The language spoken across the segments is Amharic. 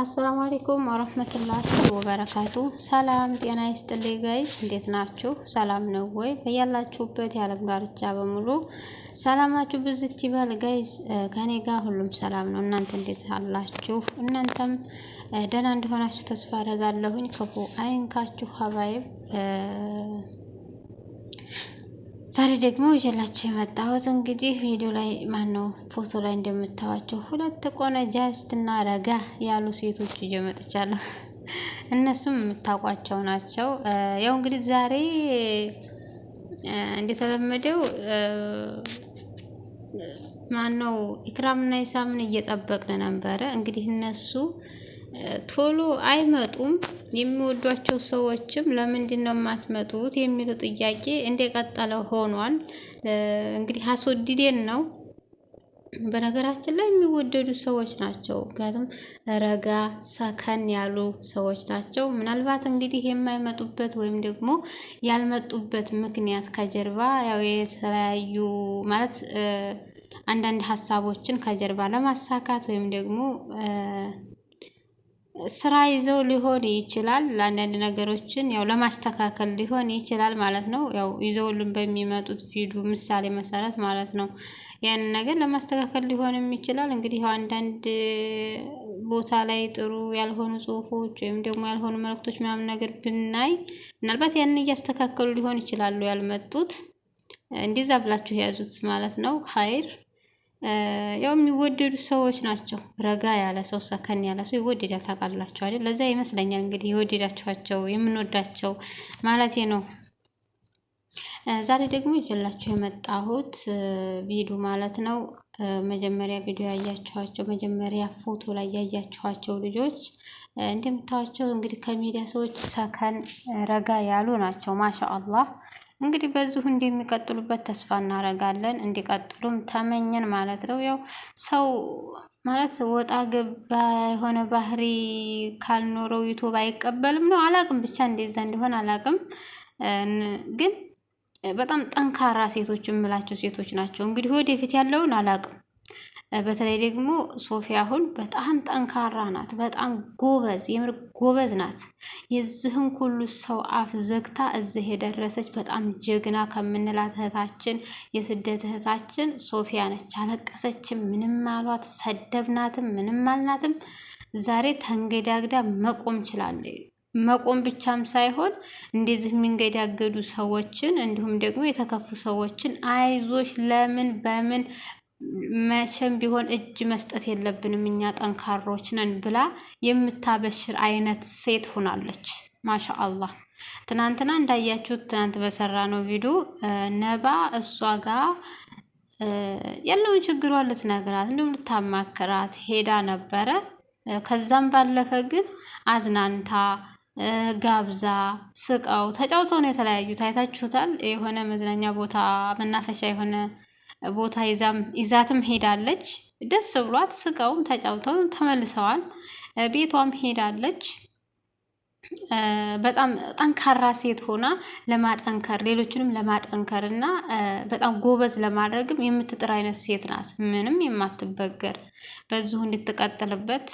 አሰላሙ አለይኩም ወረህመቱላሂ ወበረካቱ። ሰላም ጤና ይስጥልኝ ጋይስ፣ እንዴት ናችሁ? ሰላም ነው ወይ? በያላችሁበት የዓለም ዳርቻ በሙሉ ሰላማችሁ ብዝት ይበል ጋይስ። ከኔ ጋር ሁሉም ሰላም ነው። እናንተ እንዴት አላችሁ? እናንተም ደህና እንደሆናችሁ ተስፋ አደርጋለሁኝ። ክፉ አይንካችሁ ሀባይብ ዛሬ ደግሞ ይዤላችሁ የመጣሁት እንግዲህ ቪዲዮ ላይ ማነው ፎቶ ላይ እንደምታዋቸው ሁለት እና ረጋ ያሉ ሴቶች ይዤ መጥቻለሁ። እነሱም የምታውቋቸው ናቸው። ያው እንግዲህ ዛሬ እንደተለመደው ማነው ኢክራምና ኢሳምን እየጠበቅን ነበረ እንግዲህ እነሱ ቶሎ አይመጡም። የሚወዷቸው ሰዎችም ለምንድን ነው የማትመጡት የሚለው ጥያቄ እንደቀጠለ ሆኗል። እንግዲህ አስወድዴን ነው። በነገራችን ላይ የሚወደዱ ሰዎች ናቸው። ምክንያቱም ረጋ ሰከን ያሉ ሰዎች ናቸው። ምናልባት እንግዲህ የማይመጡበት ወይም ደግሞ ያልመጡበት ምክንያት ከጀርባ ያው የተለያዩ ማለት አንዳንድ ሀሳቦችን ከጀርባ ለማሳካት ወይም ደግሞ ስራ ይዘው ሊሆን ይችላል ለአንዳንድ ነገሮችን ያው ለማስተካከል ሊሆን ይችላል ማለት ነው። ያው ይዘውልን በሚመጡት ፊዱ ምሳሌ መሰረት ማለት ነው። ያንን ነገር ለማስተካከል ሊሆንም ይችላል እንግዲህ አንዳንድ ቦታ ላይ ጥሩ ያልሆኑ ጽሁፎች ወይም ደግሞ ያልሆኑ መልእክቶች ምናምን ነገር ብናይ ምናልባት ያንን እያስተካከሉ ሊሆን ይችላሉ ያልመጡት እንዲዛ ብላችሁ የያዙት ማለት ነው። ሀይር ያው የሚወደዱ ሰዎች ናቸው። ረጋ ያለ ሰው ሰከን ያለ ሰው ይወደዳል። ታውቃላችሁ አይደል? ለዛ ይመስለኛል እንግዲህ የወደዳችኋቸው የምንወዳቸው ማለት ነው። ዛሬ ደግሞ ይዤላችሁ የመጣሁት ቪዲዮ ማለት ነው። መጀመሪያ ቪዲዮ ያያችኋቸው መጀመሪያ ፎቶ ላይ ያያችኋቸው ልጆች እንደምታዋቸው እንግዲህ ከሚዲያ ሰዎች ሰከን ረጋ ያሉ ናቸው። ማሻ አላህ እንግዲህ በዚሁ እንደሚቀጥሉበት ተስፋ እናደርጋለን። እንዲቀጥሉም ተመኘን ማለት ነው። ያው ሰው ማለት ወጣ ገባ የሆነ ባህሪ ካልኖረው ዩቱብ አይቀበልም ነው። አላቅም ብቻ እንደዛ እንዲሆን አላቅም ግን በጣም ጠንካራ ሴቶች የምላቸው ሴቶች ናቸው። እንግዲህ ወደፊት ያለውን አላቅም። በተለይ ደግሞ ሶፊያ አሁን በጣም ጠንካራ ናት። በጣም ጎበዝ የምር ጎበዝ ናት። የዚህን ሁሉ ሰው አፍ ዘግታ እዚህ የደረሰች በጣም ጀግና ከምንላት እህታችን የስደት እህታችን ሶፊያ ነች። አለቀሰችም፣ ምንም አሏት፣ ሰደብናትም፣ ምንም አልናትም። ዛሬ ተንገዳግዳ መቆም ችላለ። መቆም ብቻም ሳይሆን እንደዚህ የሚንገዳገዱ ሰዎችን እንዲሁም ደግሞ የተከፉ ሰዎችን አይዞች፣ ለምን በምን መቼም ቢሆን እጅ መስጠት የለብንም እኛ ጠንካሮች ነን ብላ የምታበሽር አይነት ሴት ሆናለች። ማሻ አላህ። ትናንትና እንዳያችሁት ትናንት በሰራ ነው ቪዲዮ ነባ እሷ ጋር ያለውን ችግሯን ልትነግራት እንዲሁም ልታማክራት ሄዳ ነበረ። ከዛም ባለፈ ግን አዝናንታ ጋብዛ ስቀው ተጫውተው ነው የተለያዩት። አይታችሁታል። የሆነ መዝናኛ ቦታ መናፈሻ የሆነ ቦታ ይዛትም ሄዳለች። ደስ ብሏት ስቀውም ተጫውተው ተመልሰዋል። ቤቷም ሄዳለች። በጣም ጠንካራ ሴት ሆና ለማጠንከር ሌሎችንም ለማጠንከር እና በጣም ጎበዝ ለማድረግም የምትጥር አይነት ሴት ናት። ምንም የማትበገር በዚሁ እንድትቀጥልበት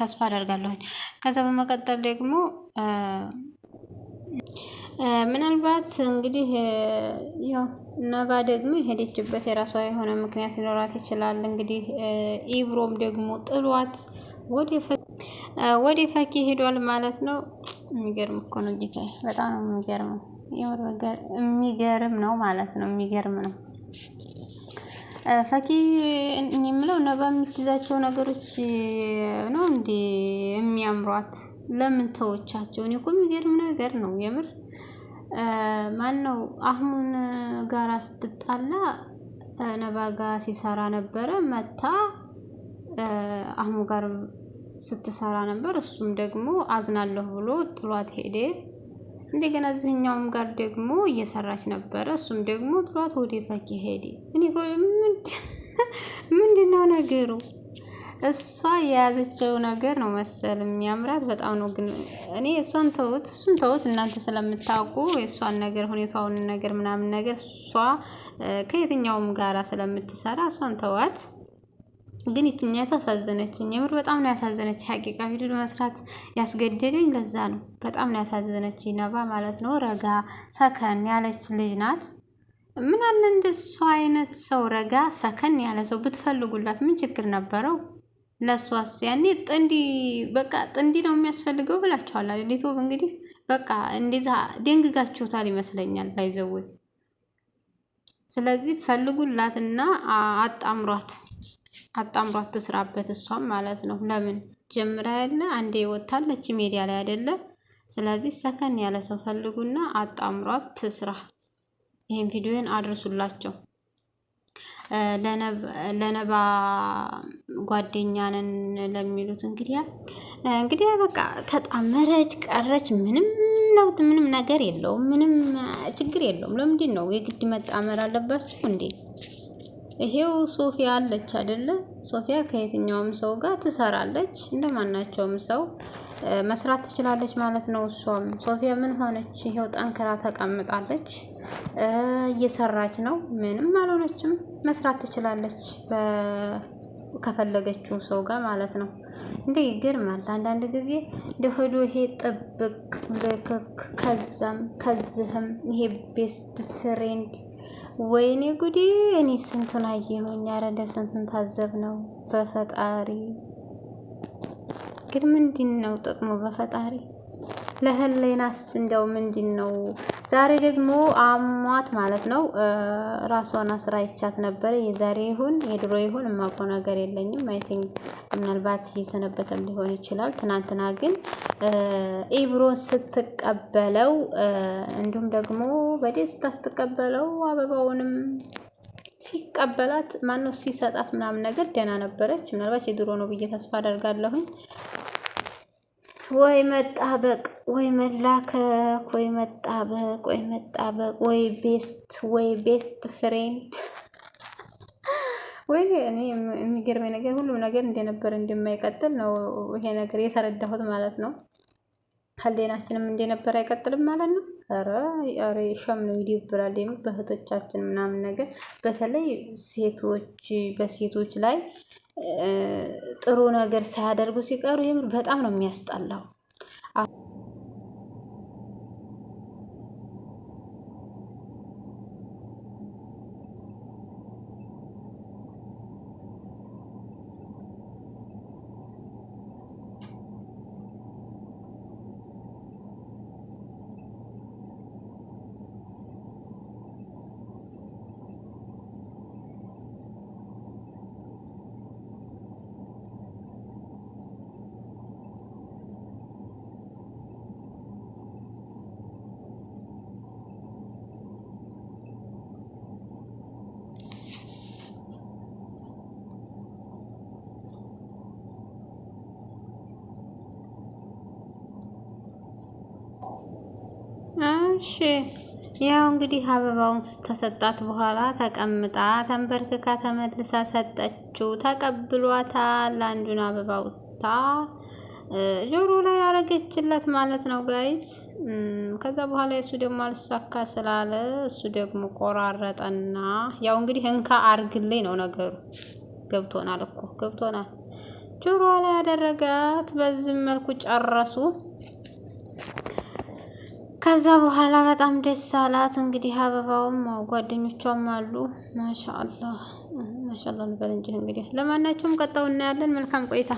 ተስፋ አደርጋለሁኝ። ከዛ በመቀጠል ደግሞ ምናልባት እንግዲህ ያው ነባ ደግሞ የሄደችበት የራሷ የሆነ ምክንያት ሊኖራት ይችላል። እንግዲህ ኢብሮም ደግሞ ጥሏት ወደ ፈኪ ሄዷል ማለት ነው። የሚገርም እኮ ነው ጌታ፣ በጣም ነው የሚገርም ነው ማለት ነው። የሚገርም ነው። ፈኪ እኔ የምለው ነባ የምትይዛቸው ነገሮች ነው እንዴ የሚያምሯት? ለምን ተወቻቸው? እኔ እኮ የሚገርም ነገር ነው የምር። ማን ነው አህሙን ጋራ ስትጣላ ነባ ጋር ሲሰራ ነበረ መታ አህሙ ጋር ስትሰራ ነበር። እሱም ደግሞ አዝናለሁ ብሎ ጥሏት ሄደ። እንደገና እዚህኛውም ጋር ደግሞ እየሰራች ነበረ። እሱም ደግሞ ጥሏት ወደ ፈኪ ሄደ። እኔ ምንድን ነው ነገሩ? እሷ የያዘችው ነገር ነው መሰል የሚያምራት በጣም ነው። ግን እኔ እሷን ተውት፣ እሱን ተውት። እናንተ ስለምታውቁ የእሷን ነገር ሁኔታውን ነገር ምናምን ነገር እሷ ከየትኛውም ጋር ስለምትሰራ እሷን ተዋት። ግን ይችኛ ያሳዘነችኝ የምር በጣም ነው ያሳዘነች። ሀቂቃ ቪዲዮ መስራት ያስገደደኝ ለዛ ነው። በጣም ነው ያሳዘነች። ነባ ማለት ነው ረጋ ሰከን ያለች ልጅ ናት። ምን አለ እንደሱ አይነት ሰው ረጋ ሰከን ያለ ሰው ብትፈልጉላት ምን ችግር ነበረው? ለእሷስ ያኔ ጥንዲ በቃ ጥንዲ ነው የሚያስፈልገው ብላችኋል። ሌቶብ እንግዲህ በቃ እንደዛ ደንግጋችሁታል ይመስለኛል ባይዘውት። ስለዚህ ፈልጉላትና አጣምሯት አጣምሯት ትስራበት እሷም ማለት ነው። ለምን ጀምራ ያለ አንዴ ይወጣለች ሜዲያ ላይ አይደለ? ስለዚህ ሰከን ያለ ሰው ፈልጉና አጣምሯት ትስራ። ይህን ቪዲዮን አድርሱላቸው። ለነባ ጓደኛ ለሚሉት እንግዲህ እንግዲህ በቃ ተጣመረች ቀረች፣ ምንም ለውጥ ምንም ነገር የለውም፣ ምንም ችግር የለውም። ለምንድን ነው የግድ መጣመር አለባችሁ እንዴ? ይሄው ሶፊያ አለች አይደለ? ሶፊያ ከየትኛውም ሰው ጋር ትሰራለች፣ እንደማናቸውም ሰው መስራት ትችላለች ማለት ነው። እሷም ሶፊያ ምን ሆነች? ይሄው ጠንክራ ተቀምጣለች። እየሰራች ነው። ምንም አልሆነችም። መስራት ትችላለች ከፈለገችው ሰው ጋር ማለት ነው። እንደ ይገርማል። አንዳንድ ጊዜ ደህዶ ይሄ ጥብቅ ልክክ ከዛም ከዝህም ይሄ ቤስት ፍሬንድ ወይኔ ጉዴ! እኔ ስንቱን አየሁኝ። ኧረ እንደው ስንቱን ታዘብ ነው በፈጣሪ ግን ምንድን ነው ጥቅሙ? በፈጣሪ ለህሌናስ እንደው ምንድን ነው ዛሬ ደግሞ አሟት ማለት ነው። ራሷን አስራ ይቻት ነበረ። የዛሬ ይሁን የድሮ ይሁን የማውቀው ነገር የለኝም። አይ ቲንክ ምናልባት የሰነበተም ሊሆን ይችላል። ትናንትና ግን ኢብሮን ስትቀበለው እንዲሁም ደግሞ በደስታ ስትቀበለው አበባውንም ሲቀበላት ማነው ሲሰጣት ምናምን ነገር ደህና ነበረች። ምናልባት የድሮ ነው ብዬ ተስፋ አደርጋለሁኝ። ወይ መጣ በቅ ወይ መላከክ ወይ መጣበቅ ወይ መጣበቅ ወይ ቤስት ወይ ቤስት ፍሬንድ ወይ እኔ የሚገርመኝ ነገር ሁሉም ነገር እንደነበር እንደማይቀጥል ነው ይሄ ነገር የተረዳሁት ማለት ነው። ህሊናችንም እንደነበር አይቀጥልም ማለት ነው። ኧረ ኧረ ሸም ነው ይደብራል። የምር በእህቶቻችን ምናምን ነገር በተለይ ሴቶች በሴቶች ላይ ጥሩ ነገር ሳያደርጉ ሲቀሩ የምር በጣም ነው የሚያስጠላው። እሺ ያው እንግዲህ አበባውን ተሰጣት በኋላ ተቀምጣ ተንበርክካ ተመልሳ ሰጠችው። ተቀብሏታል። አንዱን አበባ ውታ ጆሮ ላይ ያረገችለት ማለት ነው ጋይዝ። ከዛ በኋላ እሱ ደግሞ አልሳካ ስላለ እሱ ደግሞ ቆራረጠና ያው እንግዲህ እንካ አርግልኝ ነው ነገሩ። ገብቶናል እኮ ገብቶናል። ጆሮዋ ላይ ያደረጋት በዚህ መልኩ ጨረሱ። ከዛ በኋላ በጣም ደስ አላት። እንግዲህ አበባውም ጓደኞቿም አሉ። ማሻአላህ ማሻአላህ ነበር እንጂ እንግዲህ ለማናቸውም ቀጣው እናያለን። መልካም ቆይታ